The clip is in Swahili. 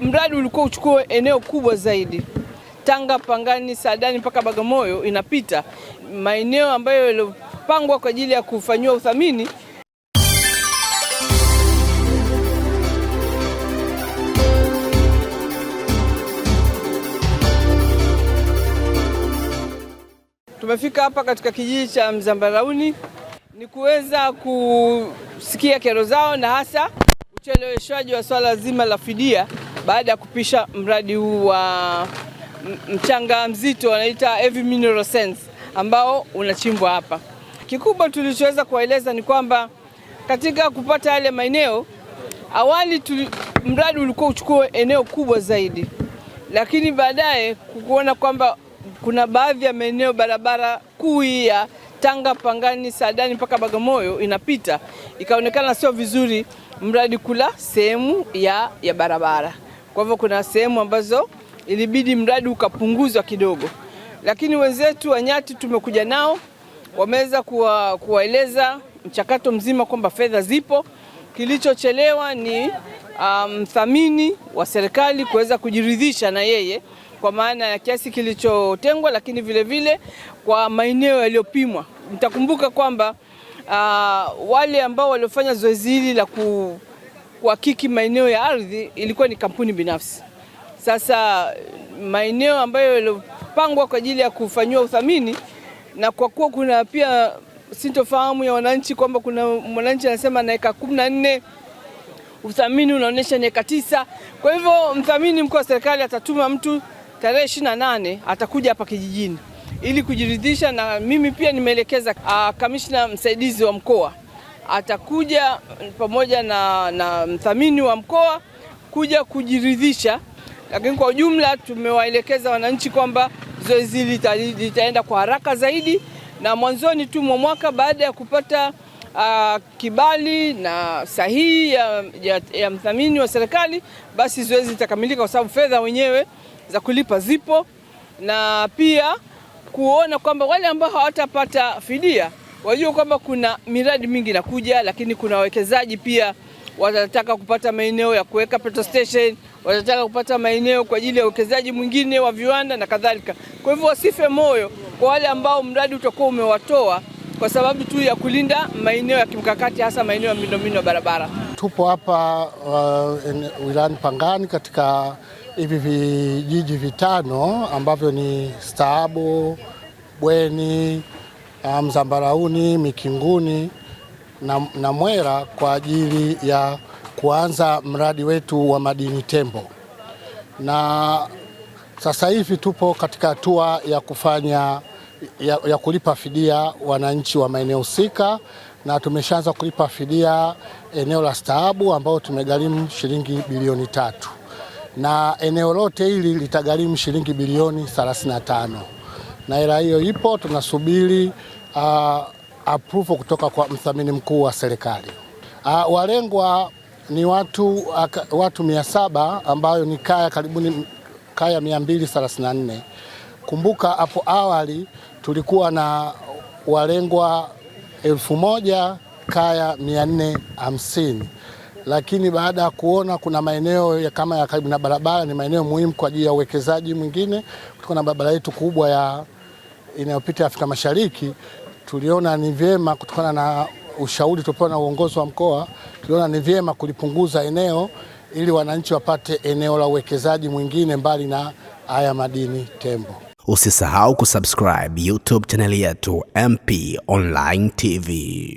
mradi ulikuwa uchukue eneo kubwa zaidi Tanga, Pangani, Saadani mpaka Bagamoyo, inapita maeneo ambayo yaliyopangwa kwa ajili ya kufanyiwa uthamini. Tumefika hapa katika kijiji cha Mzambarauni ni kuweza kusikia kero zao na hasa ucheleweshwaji wa swala zima la fidia baada ya kupisha mradi huu wa mchanga mzito wanaita heavy mineral sands ambao unachimbwa hapa. Kikubwa tulichoweza kuwaeleza ni kwamba katika kupata yale maeneo awali tuli, mradi ulikuwa uchukue eneo kubwa zaidi, lakini baadaye kuona kwamba kuna baadhi ya maeneo barabara kuu ya Tanga, Pangani, Saadani mpaka Bagamoyo inapita, ikaonekana sio vizuri mradi kula sehemu ya, ya barabara. Kwa hivyo kuna sehemu ambazo ilibidi mradi ukapunguzwa kidogo, lakini wenzetu wa Nyati tumekuja nao, wameweza kuwaeleza mchakato mzima kwamba fedha zipo. Kilichochelewa ni mthamini um, wa serikali kuweza kujiridhisha na yeye kwa maana ya kiasi kilichotengwa, lakini vilevile vile kwa maeneo yaliyopimwa. Mtakumbuka kwamba uh, wale ambao waliofanya zoezi hili la ku kuhakiki maeneo ya ardhi ilikuwa ni kampuni binafsi. Sasa maeneo ambayo yalipangwa kwa ajili ya kufanyiwa uthamini, na kwa kuwa kuna pia sintofahamu ya wananchi kwamba kuna mwananchi anasema na eka kumi na nne uthamini unaonyesha ni eka tisa. Kwa hivyo mthamini mkuu wa serikali atatuma mtu tarehe ishirini na nane atakuja hapa kijijini ili kujiridhisha, na mimi pia nimeelekeza ah, kamishna msaidizi wa mkoa atakuja pamoja na, na mthamini wa mkoa kuja kujiridhisha, lakini kwa ujumla tumewaelekeza wananchi kwamba zoezi lita, litaenda kwa haraka zaidi, na mwanzoni tu mwa mwaka baada ya kupata uh, kibali na sahihi ya, ya, ya mthamini wa serikali, basi zoezi litakamilika, kwa sababu fedha wenyewe za kulipa zipo, na pia kuona kwamba wale ambao hawatapata fidia wajue kwamba kuna miradi mingi inakuja, lakini kuna wawekezaji pia watataka kupata maeneo ya kuweka petrol station, watataka kupata maeneo kwa ajili ya uwekezaji mwingine wa viwanda na kadhalika. Kwa hivyo wasife moyo kwa wale ambao mradi utakuwa umewatoa kwa sababu tu ya kulinda maeneo ya kimkakati, hasa maeneo ya miundombinu ya barabara. Tupo hapa uh, wilayani Pangani katika hivi vijiji vitano ambavyo ni Staabo, Bweni Ah, Mzambarauni, Mikinguni na, na Mwera kwa ajili ya kuanza mradi wetu wa madini tembo, na sasa hivi tupo katika hatua ya kufanya ya, ya kulipa fidia wananchi wa maeneo husika, na tumeshaanza kulipa fidia eneo la Staabu ambayo tumegharimu shilingi bilioni tatu na eneo lote hili litagharimu shilingi bilioni 35 na hela hiyo ipo, tunasubiri uh, approval kutoka kwa mdhamini mkuu wa serikali. Uh, walengwa ni watu uh, watu 700 ambayo ni kaya karibuni kaya 234. Kumbuka hapo awali tulikuwa na walengwa elfu moja kaya 450 lakini baada ya kuona kuna maeneo ya kama ya karibu na barabara ni maeneo muhimu kwa ajili ya uwekezaji mwingine, kutokana na barabara yetu kubwa ya inayopita Afrika Mashariki, tuliona ni vyema kutokana na ushauri tuliopewa na uongozi wa mkoa, tuliona ni vyema kulipunguza eneo ili wananchi wapate eneo la uwekezaji mwingine mbali na haya madini tembo. Usisahau kusubscribe YouTube chaneli yetu MP Online TV.